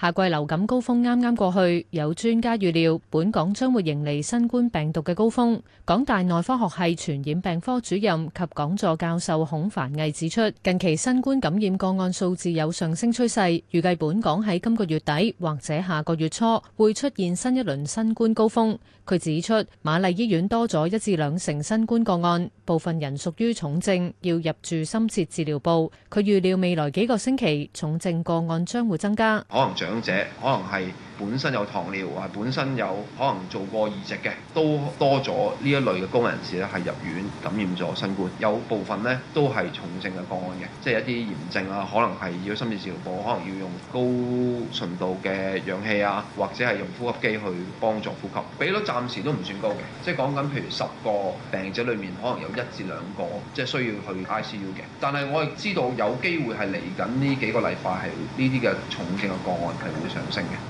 夏季流感高峰啱啱過去，有專家預料本港將會迎嚟新冠病毒嘅高峰。港大內科學系傳染病科主任及講座教授孔繁毅指出，近期新冠感染個案數字有上升趨勢，預計本港喺今個月底或者下個月初會出現新一輪新冠高峰。佢指出，瑪麗醫院多咗一至兩成新冠個案，部分人屬於重症，要入住深切治療部。佢預料未來幾個星期重症個案將會增加，長者可能係本身有糖尿，或本身有可能做過移植嘅，都多咗呢一類嘅高危人士咧，係入院感染咗新冠。有部分咧都係重症嘅個案嘅，即係一啲炎症啊，可能係要深切治療部，可能要用高純度嘅氧氣啊，或者係用呼吸機去幫助呼吸。比率暫時都唔算高嘅，即係講緊譬如十個病者裡面可能有一至兩個即係需要去 ICU 嘅。但係我哋知道有機會係嚟緊呢幾個禮拜係呢啲嘅重症嘅個案係會上升嘅。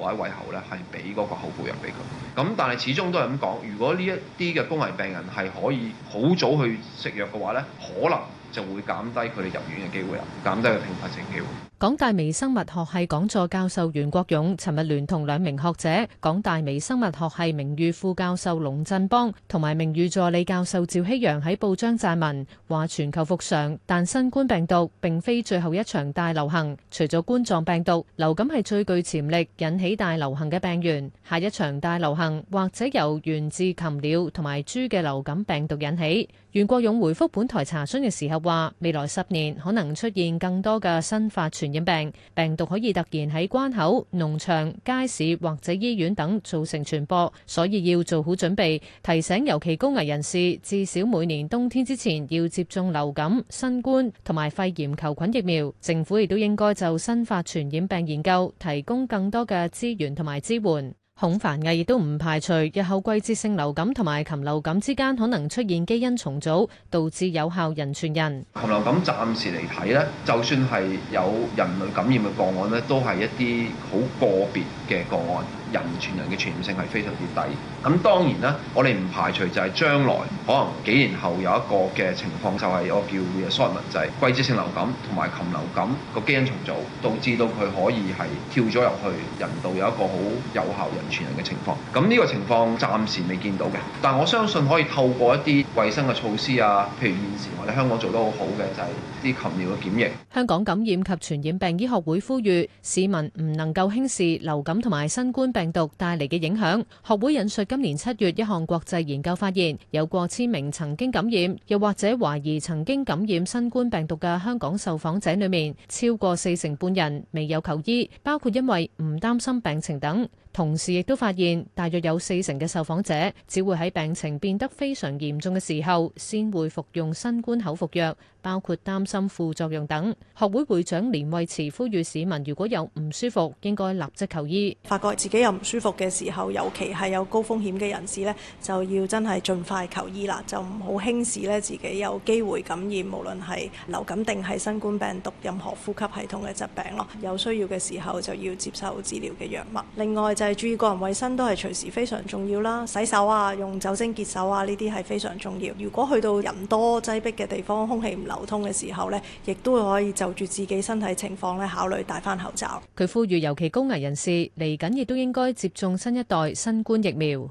或者胃口咧，係俾嗰個口服藥俾佢。咁但係始終都係咁講。如果呢一啲嘅高危病人係可以好早去食藥嘅話咧，可能，就會減低佢哋入院嘅機會啦，減低佢嘅病發症機會。港大微生物學系講座教授袁國勇，尋日聯同兩名學者，港大微生物學系名譽副教授龍振邦同埋名譽助理教授趙希陽喺報章撰文，話全球復常，但新冠病毒並非最後一場大流行。除咗冠狀病毒，流感係最具潛力引起大流行嘅病源。下一場大流行或者由源自禽鳥同埋豬嘅流感病毒引起。袁國勇回覆本台查詢嘅時候話，未來十年可能出現更多嘅新發傳染病，病毒可以突然喺關口、農場、街市或者醫院等造成傳播，所以要做好準備。提醒尤其高危人士，至少每年冬天之前要接種流感、新冠同埋肺炎球菌疫苗。政府亦都應該就新發傳染病研究提供更多嘅資源同埋支援。孔繁毅亦都唔排除日後季節性流感同埋禽流感之間可能出現基因重組，導致有效人傳人。禽流感暫時嚟睇咧，就算係有人類感染嘅個案咧，都係一啲好個別嘅個案。人傳人嘅傳染性係非常之低，咁當然啦，我哋唔排除就係將來可能幾年後有一個嘅情況，就係、是、我叫生物質、季節性流感同埋禽流感個基因重組，導致到佢可以係跳咗入去人道有一個好有效人傳人嘅情況。咁呢個情況暫時未見到嘅，但我相信可以透過一啲衞生嘅措施啊，譬如現時我哋香港做得好好嘅就係啲禽鳥嘅檢疫。香港感染及傳染病醫學會呼籲市民唔能夠輕視流感同埋新冠病病毒帶嚟嘅影響。學會引述今年七月一項國際研究發現，有過千名曾經感染又或者懷疑曾經感染新冠病毒嘅香港受訪者裏面，超過四成半人未有求醫，包括因為唔擔心病情等。同時亦都發現大約有四成嘅受訪者只會喺病情變得非常嚴重嘅時候先會服用新冠口服藥，包括擔心副作用等。學會會長連惠慈呼籲市民如果有唔舒服，應該立即求醫，發覺自己有。唔舒服嘅時候，尤其係有高風險嘅人士呢，就要真係盡快求醫啦，就唔好輕視咧自己有機會感染，無論係流感定係新冠病毒，任何呼吸系統嘅疾病咯。有需要嘅時候就要接受治療嘅藥物。另外就係注意個人衞生都係隨時非常重要啦，洗手啊，用酒精潔手啊，呢啲係非常重要。如果去到人多擠迫嘅地方，空氣唔流通嘅時候呢，亦都可以就住自己身體情況咧考慮戴翻口罩。佢呼籲，尤其高危人士嚟緊亦都應該。該接種新一代新冠疫苗。